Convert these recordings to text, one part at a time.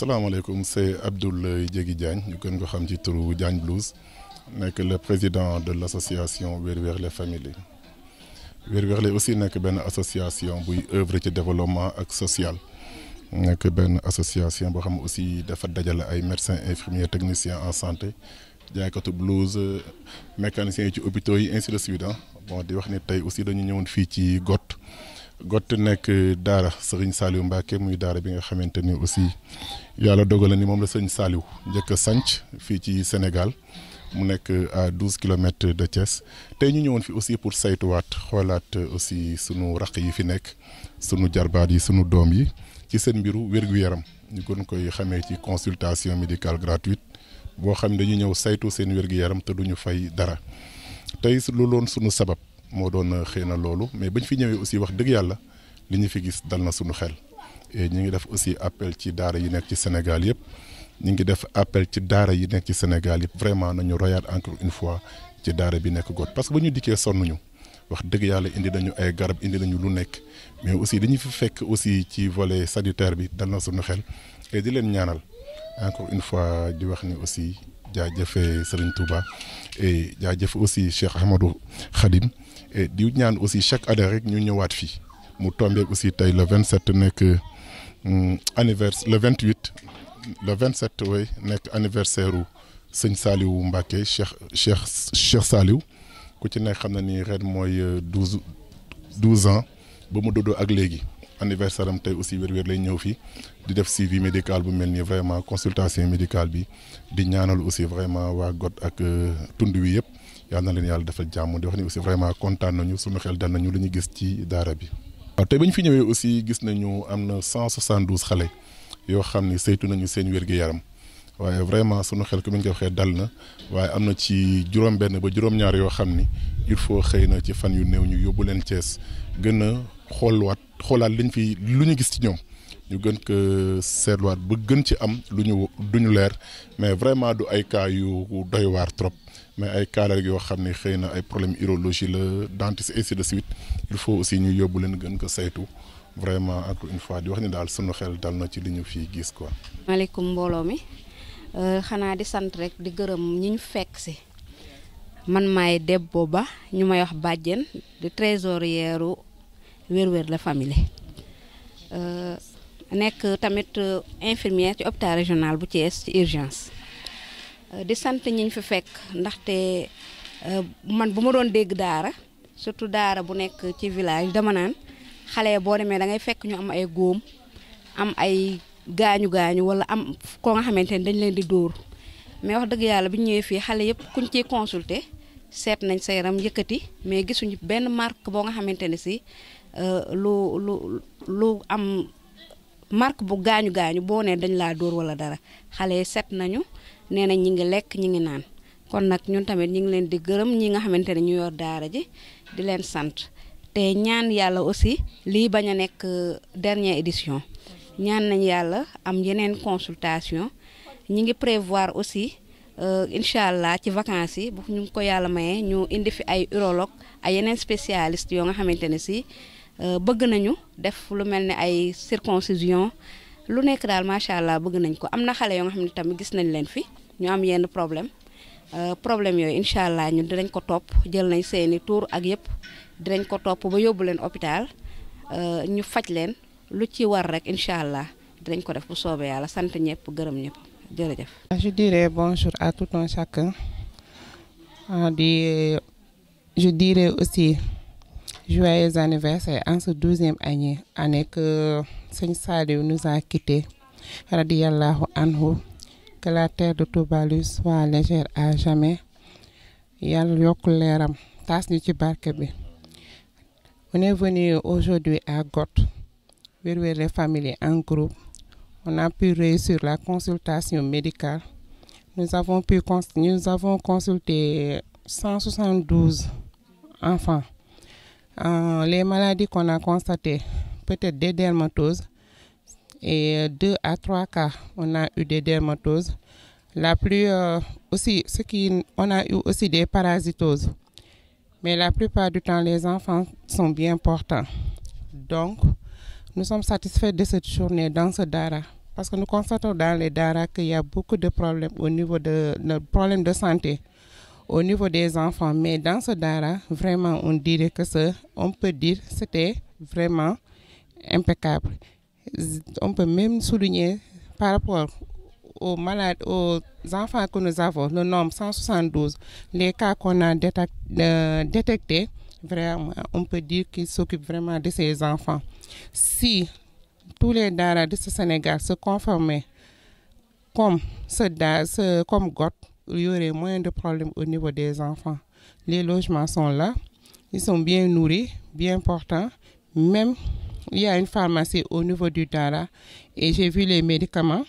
salaamaaleykum c'est Abdoul Diégui Diagne ñu gën ko xam ci turu Diagne Blues nekk le président de l'association Weer Werlé Family Weer Werlé aussi nekk benn association buy œuvre ci développement ak social nekk benn association boo xam aussi dafa dajale ay médecins infirmiers technicien en santé jaaykatu blouse mécaniciens yi ci hôpitaux yi ainsi de bon di wax ni tey aussi dañu ñëwoon fii ci GOT gott nekk daara sëriñ Saliou Mbacke muy daara bi nga xamante ni aussi yàlla dogal na ni moom la sëriñ Saliou njëkk a sanc fii ci Sénégal mu nekk à douze kilomètres de Thiès tey ñu ñëwoon fi aussi pour saytuwaat xoolaat aussi sunu raq yi fi nekk sunu jarbaat yi sunu doom yi ci seen mbiru wér-gu-yaram ñu gën koy xamee ci consultation médicale gratuite boo xam ne dañu ñëw saytu seen wér-gu-yaram te duñu fay dara tey lu loon sunu sabab. moo doon euh, xëy na loolu mais ñu fi ñëwee aussi wax dëgg yàlla li ñu fi gis dal na suñu xel et ñu ngi def aussi appel ci daara yi nekk ci Sénégal yëpp ñu ngi def appel ci daara yi nekk ci Sénégal yëpp vraiment nañu royaat encore une fois ci daara bi nekk Goth parce que ba ñu dikkee ñu wax dëgg yàlla indi nañu ay garab indi nañu lu nekk mais aussi dañu fi fekk aussi ci volet sanitaire bi dal na sunu xel et di leen ñaanal encore une fois di wax ni aussi. jaa jaajëfee Serigne Touba et jaajëf aussi Cheikh Ahmadou Khadim di ñaan aussi chaque année rek ñu ñëwaat fii mu tombé aussi tey le 27 hmm, nekk anniversaire le 28 le 27 way nekk anniversaire sëñ Saliou Mbacké Cheikh Cheikh Cheikh Saliou ku ci nekk xam na ni ren mooy euh, douze douze ans ba mu dodo ak léegi. anniversaire am tey aussi wér-wér lay ñëw fii di def suivi médical bu mel nii vraiment consultation médicale bi di ñaanal aussi vraiment waa got ak euh, tund wi yëpp yal na leen yàlla dafa jàmm di wax ni aussi vraiment kontaan nañu suñu xel dal nañu lu ñu gis ci daara bi. waaw tey ba ñu fi ñëwee aussi gis nañu am na 172 xale yoo xam ni saytu nañu seen wér-gu-yaram. waaye vraiment suñu xel comme ni nga ko waxee dal na waaye am na ci juróom-benn ba juróom-ñaar yoo xam ni il faut xëy na ci fan yu néew ñu yóbbu leen Thiès gën xoolwaat xoolaat liñ fi lu ñu gis ci ñoom ñu gën ko seetluwaat ba gën ci am lu ñu du leer mais vraiment du ay cas yu doy waar trop mais ay cas la yoo xam ne xëy na ay problème urologie la dentiste ainsi de suite il faut aussi ñu yóbbu leen gën ko saytu vraiment encore une fois di wax ni daal sunu xel dal na ci li ñu fii gis quoi. maaleykum mbooloo mi euh, xanaa di sant rek di gërëm ñi ñu fekk si. man maay Debbo Ba ñu may wax bàjjen di trésorière wér-wér la famille euh, nekk tamit euh, infirmière ci hôpital régional bu Thiès ci urgence euh, di sant ñiñ fi fekk ndaxte man bu ma doon dégg daara surtout daara bu nekk ci village dama naan xale boo demee da ngay fekk ñu am ay góom am ay gaañu gaañu wala am koo nga xamante ne dañ leen di dóor mais wax dëgg yàlla bi ñu ñëwee fii xale yëpp kuñ ciy consulter seet nañ sa yaram yëkkati mais gisuñu benn marque boo nga xamante ne si Euh, lu lu lu am marque bu gaañu gaañu boo nee dañ laa dóor wala dara xale yi set nañu nee nañ ñi ngi lekk ñi ngi naan kon nag ñun tamit ñi ngi leen di gërëm ñi nga xamante ne ñu yor daara ji di leen sant te ñaan yàlla aussi lii bañ a nekk euh, dernier édition ñaan nañ yàlla am yeneen consultation ñi ngi prévoir aussi euh, incha allah ci vacances yi bu ñu ngi ko yàlla mayee ñu indi fi ay urologue ay yeneen spécialiste yoo nga xamante ne si Euh, bëgg nañu def lu mel ni ay circoncision lu nekk daal macha allah bëgg nañ ko am na xale yoo nga xam ne tamit gis nañ leen fi ñu am yenn problème euh, problème yooyu incha allah ñun dinañ ko topp jël nañ seeni tuur ak yëpp dinañ ko topp ba yóbbu leen hôpital euh, ñu faj leen lu ci war rek incha allah di dinañ ko def bu soobee yàlla sant ñëpp gërëm ñëpp jërëjëf. Ah, je dirais bonjour à tout un chacun ah, aussi. juin anniversaire en ce douzième année, année que euh, Seigneur Saliou nous a quittés. Radiallahu anhu. Que la terre de Touba lui soit légère à jamais. Yàlla yokk leeram taas ñu ci barke bi. On venu aujourd'hui à Goth, réunir les familles en groupe. On a pu réussir la consultation médicale. Nous avons pu cons nous consulté enfants. Euh, les maladies qu'on a constatées, peut-être des dermatoses, et euh, deux à trois cas, on a eu des dermatoses. La plus euh, aussi, ce qui, on a eu aussi des parasitoses. Mais la plupart du temps, les enfants sont bien portants. Donc, nous sommes satisfaits de cette journée dans ce DARA. Parce que nous constatons dans les DARA qu'il y a beaucoup de problèmes au niveau de, de problèmes de santé. au niveau des enfants. Mais dans ce Dara, vraiment, on dire que ce, on peut dire, c'était vraiment impeccable. On peut même souligner par rapport aux malades, aux enfants que nous avons, le nombre 172, les cas qu'on a euh, détectés, vraiment, on peut dire qu'ils s'occupent vraiment de ces enfants. Si tous les Dara de ce Sénégal se conformaient comme ce, da, ce comme GOT, il y aurait moins de problème au niveau des enfants. Les logements sont là, ils sont bien nourris, bien portants. Même, y a une pharmacie au niveau du Dara et j'ai vu les médicaments.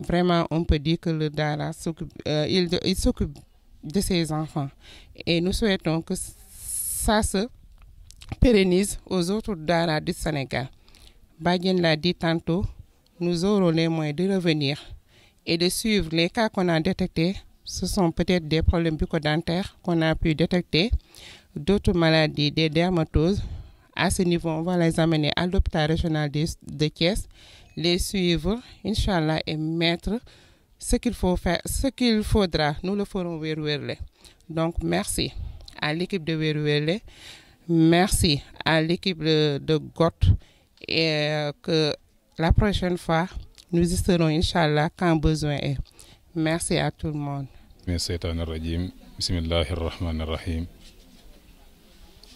Vraiment, on peut dire que le Dara s'occupe, euh, il, il s'occupe de ses enfants. Et nous souhaitons que ça se pérennise aux autres Dara du Sénégal. Badien l'a dit tantôt, nous aurons les moyens de revenir. et de suivre les cas qu'on a détectés. Ce sont peut-être des problèmes bucco-dentaires qu'on a pu détecter, d'autres maladies, des dermatoses. À ce niveau, on va les à l'hôpital régional de, de Thiès, les suivre, Inch'Allah, et mettre ce qu'il faut faire, ce qu'il faudra. Nous le ferons Wérouwérlé. Donc, merci à l'équipe de Wérouwérlé. Merci à l'équipe de, de et euh, que la prochaine fois, Nous y serons, Inch'Allah, quand besoin est. Merci à tout le monde. من الشيطان الرجيم بسم الله الرحمن الرحيم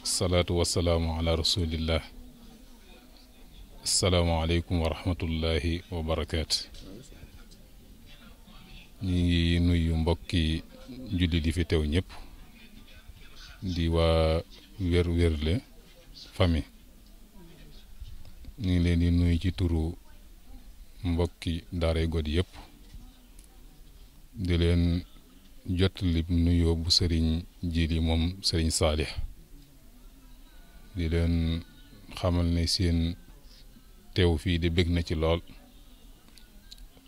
الصلاة والسلام على رسول nuyu mbokki julli di fi teew ñëpp di waa wér wérle famille ñu ngi leen di nuyu ci turu mbokki daaray Gody yépp di leen jottali nuyoo bu sëriñ Jili moom sëriñ Saalix di leen xamal ne seen teew fii di bég na ci lool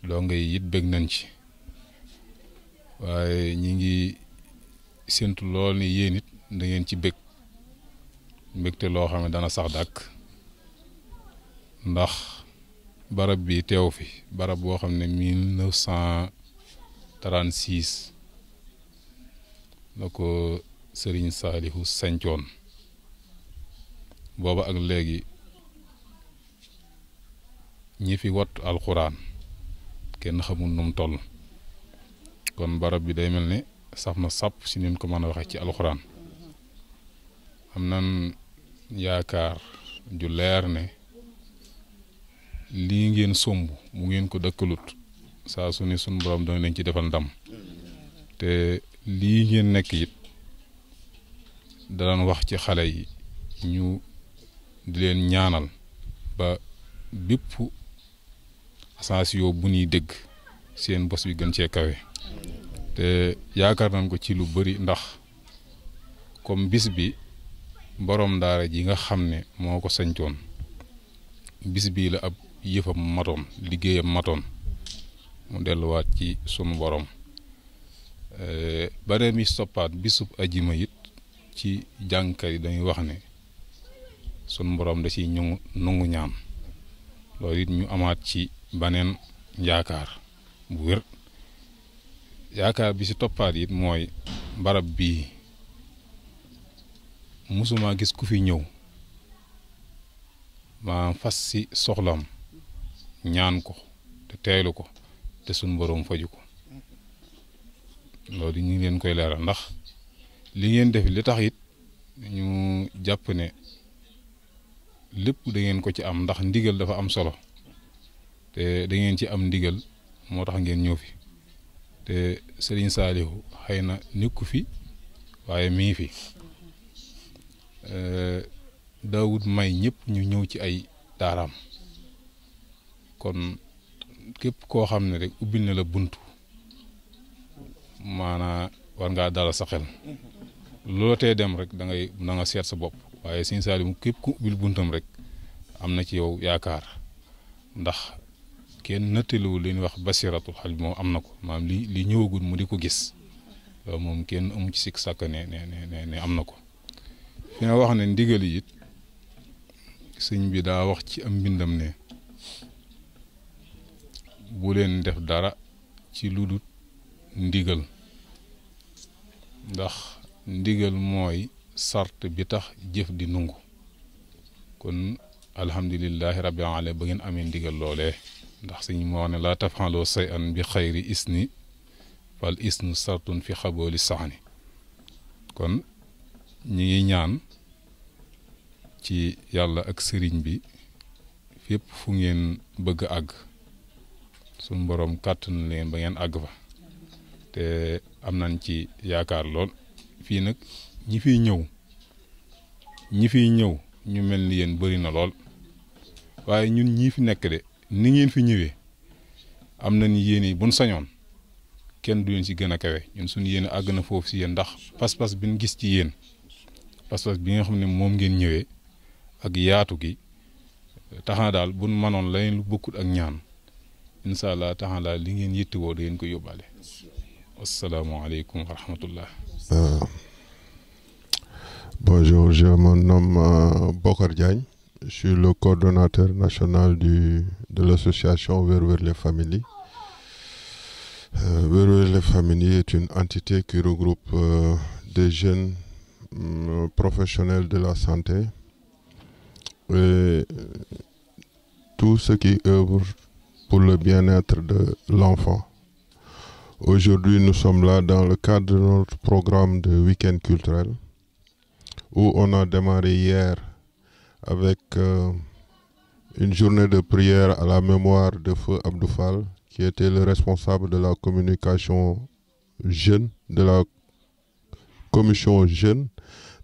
loo ngay it bég nañ ci waaye ñi ngi séntu lool ni yéen it ci bég mbégte loo xam ne dana sax dàkk ndax barab bi teew fi barab boo xam ne mille neuf cent trent six la ko Sëriñ Saalihu sancoon booba ak léegi ñi fi wattu alxuraan kenn xamul num toll kon barab bi day mel ne saf na sàpp si nin ko mën a waxe ci alxuraan am nan yaakaar ju leer ne lii ngeen somb mu ngeen ko dëkkalut saa su ne sunu borom dana leen ci defal ndam te lii ngeen nekk it danañ wax ci xale yi ñu di leen ñaanal ba bépp ascension bu ñuy dégg seen bos bi gën cee kawe te yaakaar nañ ko ci lu bari ndax comme bis bi boroom daara ji nga xam ne moo ko sañcoon bis bii la ab yëfam matoon liggéeyam matoon mu delluwaat ci sunu boroom eh, beneen bi soppaat bisub ajima it ci jàngkat yi dañuy wax ne sunu boroom da ciy ñu nungu ñaan loolu it ñu amaat ci beneen yaakaar bu wér yaakaar bi si toppaat it mooy barab bii musuma gis ku fi ñëw ma fas si soxlam ñaan ko te teelu ko te suñ boroom faju ko loolu ñu ngi leen koy leeral ndax li ngeen def li tax it ñu jàpp ne lépp dangeen ko ci am ndax ndigal dafa am solo te da ngeen ci am ndigal moo tax ngeen ñëw fi te Serigne Saliou xëy na nekku fi waaye mi ngi fi daawut may ñëpp ñu ñëw ci ay daaraam kon képp koo xam ne rek ubbil na la bunt maanaa war ngaa dala sa xel tee dem rek dangay ngay da nga seet sa bopp waaye Sëñ Saaliw képp ku ubbil buntam rek am na ci yow yaakaar ndax kenn nattaliwul li ñuy wax ba xal bi moom am na ko maam li li ñëwagul mu di ko gis moom kenn amu ci sikk sàkk ne ne ne am na ko fi wax ne ndigal yi it sëñ bi daa wax ci am mbindam ne bu leen def dara ci lu dul ndigal ndax ndigal mooy sart bi tax jëf di nungu kon alhamdulilahi rabbil alamin ba ngeen amee ndigal loole ndax suñ moo ne laa tafaloo say an bi xayri isni fal isnu sartun fi xabooli saxni kon ñu ngi ñaan ci yàlla ak sëriñ bi fépp fu ngeen bëgg àgg suñu borom kàttan leen ba ngeen àgg fa te am nañ ci yaakaar lool fii nag ñi fi ñëw ñi fiy ñëw ñu mel ni yéen bëri na lool waaye ñun ñii fi nekk de ni ngeen fi ñëwee am na nañ yéen yi buñ sañoon kenn du leen si gën a kawe ñun suñu yéen àgg na foofu si yéen ndax pas-pas bi ñu gis ci yéen pas-pas bi nga xam ne moom ngeen ñëwee ak yaatu gi taxaa daal buñ manoon leneen lu bokkut ak ñaan incha allah taala li ngeen yittewoo da ngeen ko yóbbaale. asalaamaaleykum wa rahmatullah. Euh, bonjour je me nomme euh, Bokar Diagne je le coordonnateur national du de l'association Werwer les familles. Euh, Werwer les familles est une entité qui regroupe euh, des jeunes euh, professionnels de la santé tout ce qui œuvre pour le bien-être de l'enfant. Aujourd'hui, nous sommes là dans le cadre de notre programme de week culturel où on a démarré hier avec euh, une journée de prière à la mémoire de Feu Abdoufal, qui était le responsable de la communication jeune, de la commission jeune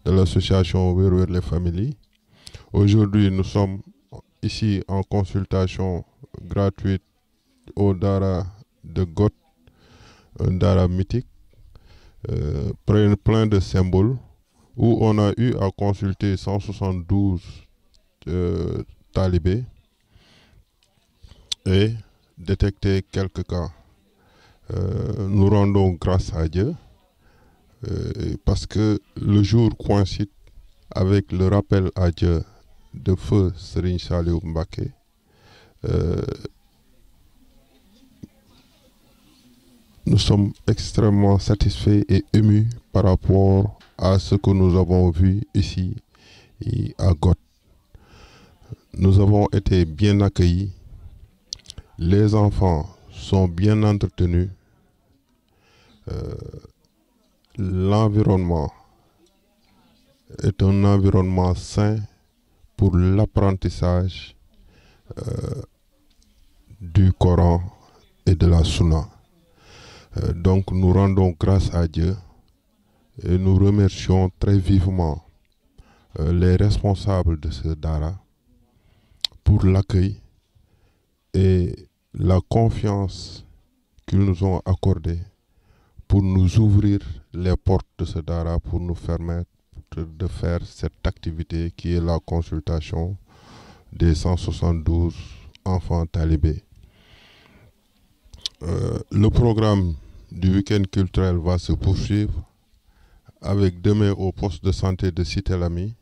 de l'association We're les Family. Aujourd'hui, nous sommes ici en consultation gratuite au Dara de Goth, un Dara mythique, euh, plein de symboles, où on a eu à consulter 172 euh, talibés et détecter quelques cas. Euh, nous rendons grâce à Dieu euh, parce que le jour coïncide avec le rappel à Dieu de feu Serigne Saliou Mbacké Euh, nous sommes extrêmement satisfaits et émus par rapport à ce que nous avons vu ici et à Goth. Nous avons été bien accueillis. Les enfants sont bien entretenus. Euh, l'environnement est un environnement sain pour l'apprentissage. Euh, du Coran et de la Sunna. Euh, donc nous rendons grâce à Dieu et nous remercions très vivement euh, les responsables de ce Dara pour l'accueil et la confiance qu'ils nous ont accordée pour nous ouvrir les portes de ce Dara pour nous permettre de faire cette activité qui est la consultation des 172 enfants talibés. Euh, le programme du week-end culturel va se poursuivre avec demain au poste de santé de Cité-Lamy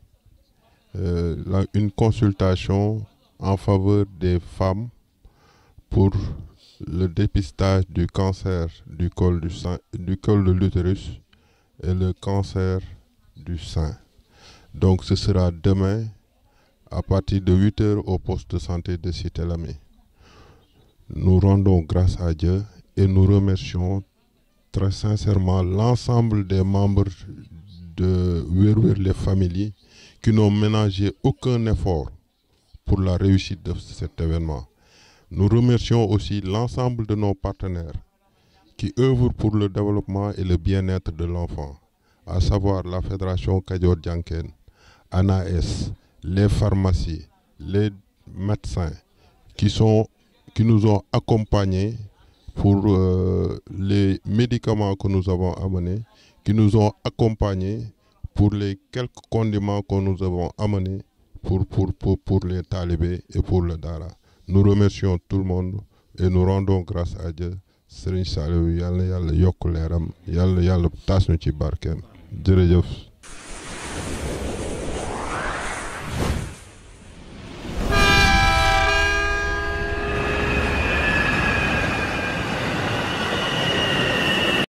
euh, la, une consultation en faveur des femmes pour le dépistage du cancer du col, du sein, du de l'utérus et le cancer du sein. Donc ce sera demain à partir de huit h au poste de santé de cité Nous rendons grâce à Dieu et nous remercions très sincèrement l'ensemble des membres de Werwer les familles qui n'ont ménagé aucun effort pour la réussite de cet événement. Nous remercions aussi l'ensemble de nos partenaires qui œuvrent pour le développement et le bien-être de l'enfant, à savoir la Fédération Kadior Djanken, ANAS, les pharmacies, les médecins qui sont qui nous ont pour euh, les médicaments que nous avons amenés, qui nous ont pour les quelques condiments que nous avons amenés pour, pour, pour, pour les talibés et pour le Dara. Nous remercions tout le monde et nous rendons grâce à Dieu. Serigne Saliou yàlla yàlla yokk leeram yàlla yàlla taas ñu ci barkeem jërëjëf